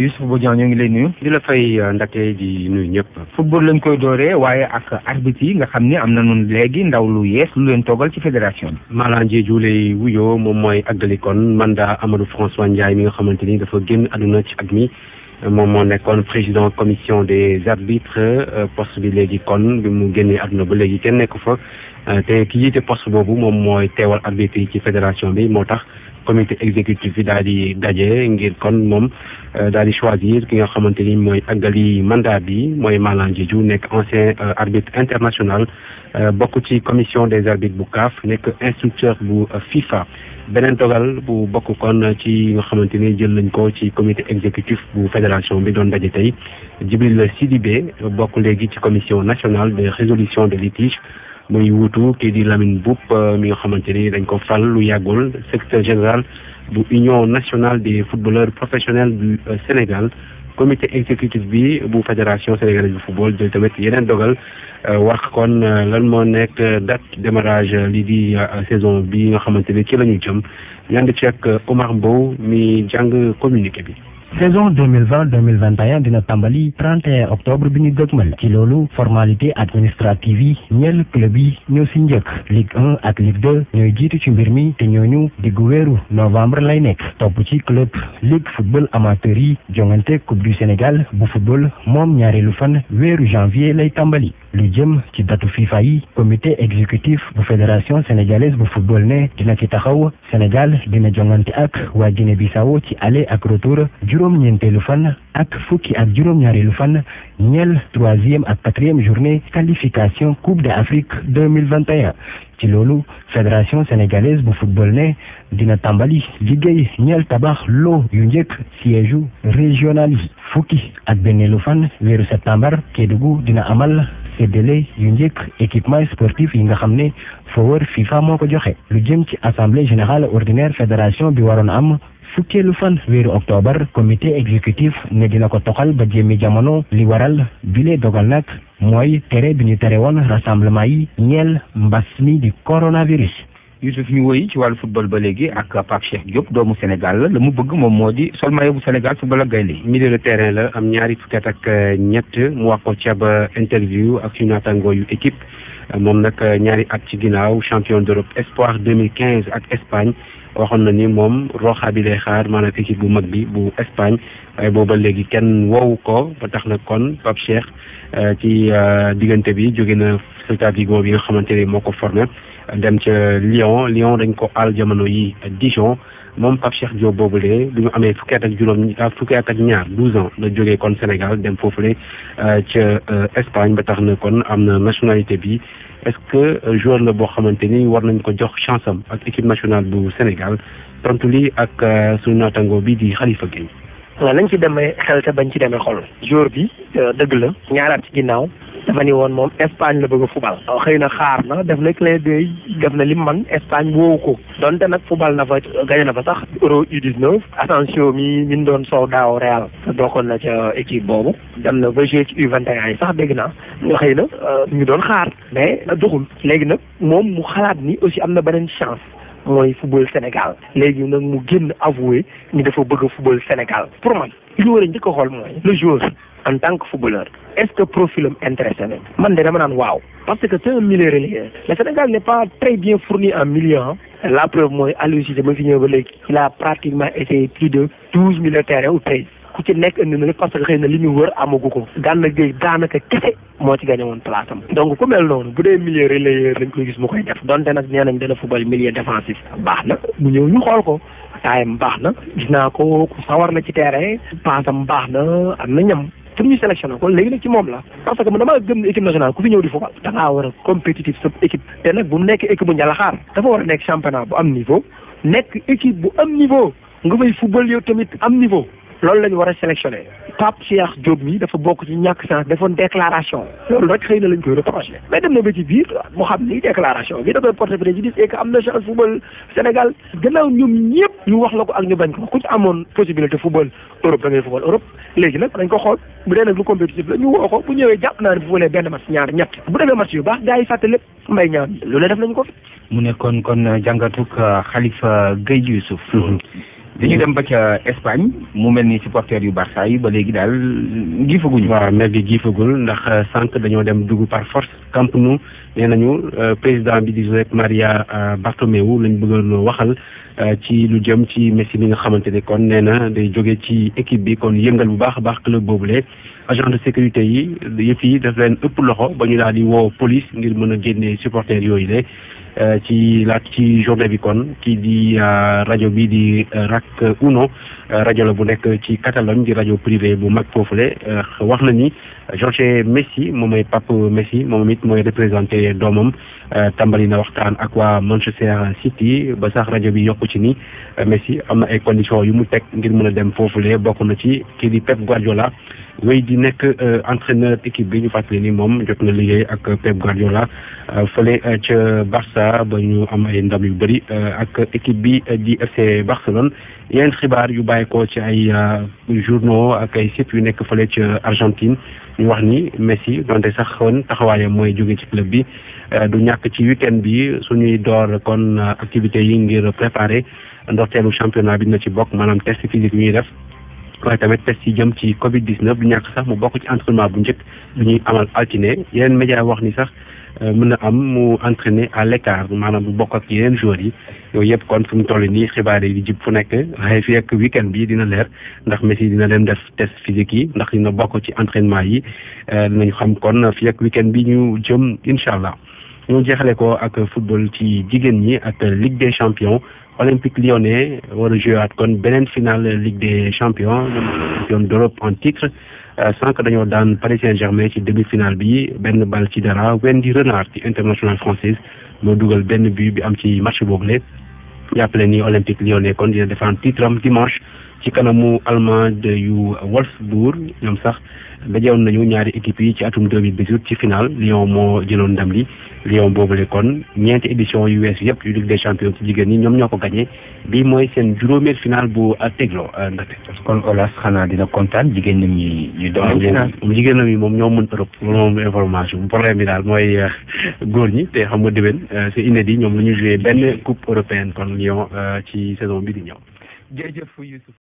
Youssouf Bodian ñoo ngi lay nuyu. di la fay euh, ndake di nuyu ñëpp. football lañ koy dooree waye ak arbitre yi nga xamni amna am na ndaw lu yees lu leen togal ci fédération bi. Malang Diédhiou lay wuyoo moom mooy agdalikon mandat Amadou François ndjay mi nga xamanteni dafa genn aduna ci at mi moom moo nekkoon président commission des arbitres euh, poste bi léegi kon bi mu genné aduna ba léegi kenn nekk fa euh, té ki jité poste bobu mom moy téwal arbitre yi ci fédération bi motax comité exécutif d'ali Gadje, di daje ngir kon euh, di choisir ki nga xamante ni mooy mandat bi ancien euh, arbitre international euh, beaucoup ci commission des arbitres Boukaf, CAF nekk instructeur bu FIFA beneen Togal, beaucoup de kon ci nga xamante comité exécutif la fédération bi doon daje tey Djibril Sidibé bokk léegi ci commission nationale de résolution de litiges mooy wuutu kii di Lamine Boub euh, mi nga xamante ni dañ ko fal lu yàggul secrétaire général du union nationale des footballeurs professionnels du euh, Sénégal comité exécutif bi bu fédération sénégalaise de football jël tamit yeneen dogal euh, wax kon lan moo nekk date démarrage li di saison bi nga xamante ni ci la ñu jëm ñand Omar Mbow mi jàng communiqué bi saison 2020-2021 dina tambali 31 octobre Bini ñu dëgmal ci formalité administrative yi club Ligue 1 et Ligue 2 ñooy jiitu ci mbir novembre lay nekk club Ligue football amateur yi Coupe du Sénégal bu football moom ñaareelu fan janvier lay tambali le ci datu FIFA yi comité exécutif bu fédération sénégalaise bu football né dina ci taxaw Sénégal dina jongante ak waa Guinée Bissau ci aller ak retour juróom-ñeenteelu fan ak fukki ak juróom-ñaareelu fan 3 troisième ak quatrième journée qualification coupe d'Afrique deux mille vingt et ci lolu fédération sénégalaise bu football né dina tambali liggéey ñel tabax lo yu njëkk siège régional fukki ak benneelu fan wéru septembre Kédougou dina amal. séddale yu njëkk équipement sportif yi nga xam ne fa FIFA moo ko joxe lu jëm ci assemblée générale ordinaire fédération bi waroon am fukkeelu fan weeru octobre comité exécutif ne dina ko toxal ba jéemi jamono li waral bile dogal nag mooy tere bi ñu tere woon rassemblement yi ñeel mbas mi di coronavirus Youssouf ñu woyi ci wàllu football ba léegi ak Pape Cheikh Diop doomu Sénégal la la mu bëgg moom moo di sol maillot bu Sénégal football ak gaynde yi milieu de terrain la am ñaari fukki ak euh, ñett mu wax ko ca ba interview ak suñu naataangoo yu équipe moom nag euh, ñaari at ci ginnaaw champion d'Europe espoir 2015 ak Espagne waxoon na ni moom roxa bi xaar maanaam équipe bu mag bi bu Espagne waaye booba léegi kenn woowu ko ba tax na kon Pape Cheikh euh, ci diggante bi jóge na Celta Vigo bi nga xamante ne moo ko formé dem ci Lyon Lyon dañ ko al jamono yi Dijon mom pap Cheikh Diop boobule lu ñu amé fukki ak juróom fukki at ak ñaar 12 ans la joggé kon Sénégal dem fofu foofule euh, ci euh, Espagne ba tax na kon amna nationalité bi est-ce que euh, joueur la bo xamanteni war nañ ko jox chance am ak équipe nationale du Sénégal tontu li ak suñu naatango bi di Khalifa Gueye. lañ ci demee xel te bañ ci demee xol. joueur bi deug la ñaaraat ci ginnaw dafa ni woon moom Espagne la bëgg a fubal xëy na xaar na def na clé de def na lim man Espagne woowu ko donte nag fubal na fa gañe na fa sax Euro U19 Asensio mi min doon sow daaw Real bokkoon na ca équipe boobu dem na ba jouer ci U21 yi sax dégg naa xëy na euh, ñu doon xaar mais doxul léegi nag moom mu xalaat ni aussi am na beneen chance mooy football Sénégal légui nak mu guen avoué ni dafa bëgg football Sénégal pour moi, li a war a njëkk a le joueur en tant que footballeur est-ce que profil est intéressé Je man dé dama waaw parce que c'est un milieu relayeur le Sénégal n'est pas très bien fourni en milieu hein. la preuve moy Aliou Cissé ñëw ba il a pratiquement été plus de 12 milieux de terrain ou pays. ku ci nekk indi na lépp parce que xëy na li ñu wër amagu ko Gana Gueye daanaka kese moo ci gagné woon place am donc ku mel noonu bu dee milieu relayeur dañ koy gis mu koy def donte nag nee nañ dana football milieu défensif baax na mu ñëw ñu xool ko taayam baax na gis naa ko ku sawar na ci terrain paasam baax na am na ñam pour ñu sélectionné ko léegi nag ci moom la parce que man damaa gëm ne équipe nationale ku fi ñëw di football da war a compétitif sa équipe te nag bu mu a nekk championnat bu am niveau nekk tamit am niveau loolu la ñu war a sélectionné Pape Cheikh Diop mi dafa bokk ci ñàkk sens defoon déclaration loolu rek xëy na lañ koy reproché mais dem na ba ci biir mu xam ni déclaration bi da koy porté préjudice et que am na chance football Sénégal gannaaw ñoom ñëpp ñu wax la ko ak ñu bañ ko ku ci amoon possibilité football Europe da ngay football Europe léegi nag dañ ko xool bu dee nag lu compétitif la ñu woo ko bu ñëwee jàpp naa ne bu foolee benn match ñaar ñett bu defee match yu baax gars yi fàtte lépp mbay ñaar lu ne def nañ ko fi mu nekkoon kon jàngatuk Khalifa Gueye Youssouf mm-hmm. li dañuy dem ba ca Espagne mu mel ni supporters yu Barça yi ba léegi daal giifaguñu. waaw mer gi giifagul ndax euh, sànq dañoo dem dugg par force Camp Nou nee nañu euh, président bi di Josep Maria euh, Bartomeu lañ bëggoon waxal ci lu jëm ci Messi bi nga xamante ne kon nee na day jóge ci équipe bi kon yëngal bu baax a baax club boobule. agent de sécurité yi yëpp yi daf leen ëpp loxo ba ñu daal di woo police ngir mën a génnee supporters yooyu de. Euh, ci laat ci journée bi kon kii di euh, rajo bi di euh, RAC Uno rajo la bu nekk ci Catalogne di rajo privé bu mag foofule wax na ni Jorge Messi moom mooy Pape Messi moom it mooy représenté doomam tàmbali na waxtaan ak waa Manchester City ba sax rajo bi yokku ci ni Messi am na ay conditions yu mu teg ngir mën a dem le bokk na ci kii di Pep Guardiola way di nekk euh, entraîneur équipe bi ñu ni mom jot na ak euh, Pep Guardiola euh, Folet ci Barça ba ñu am ay ndam yu ak équipe bi di FC Barcelone yeen xibaar yu ci ay journaux ak ay yu nek Argentine ñu wax ni Messi donte sax qui ci club bi du ñak ci week-end bi suñuy door kon activités yi ngir préparer championnat bi na ci test physique waaye tamit test ci jëm ci Covid 19 du ñàkk sax mu bokk ci entraînement bu njëkk bu amal altine yeneen média wax ni sax euh, mën na am mu entraîner à l'écart maanaam bu bokk ak yeneen joueurs yi yooyu yëpp kon fu mu toll nii xibaar yi di jib fu nekk waaye fii ak weekend bi dina leer ndax Messi dina dem def test physique yi ndax na bokk ci entraînement yi euh, nañu xam kon fii ak weekend bi ñu jëm incha allah. Nous quoi ko un football qui jigéen à Ligue des champions Olympique Lyonnais war a finale Ligue des champions d'Europe en titre euh, que d'ailleurs daan Paris Saint-Germain ci demi finale bi internationale française nous benn bi am ci match Olympique Lyonnais kon dina titre dimanche. ci kanamu Allemand yu Wolfsburg ñoom sax dajewoon nañu ñaari équipe yi ci atum 2018 ci final Lyon moo jëloon ndam li Lyon boobule kon ñeenti édition yu weesu yëpp yu Ligue des champions ci jigéen ñi ñoom ñoo ko gagné bi mooy seen juróomeel final bu tegloo euh, ndaxte. kon Olas xanaa dina kontaan jigéen ñam ñi ñu doon final jigéen ñam yi moom ñoo mën Europe loolu moom information problème bi daal mooy euh, góor ñi te xam nga déwén euh, c'est yi ñoom lu ñu joué benn coupe européenne kon Lyon ci saison bi di ñëw.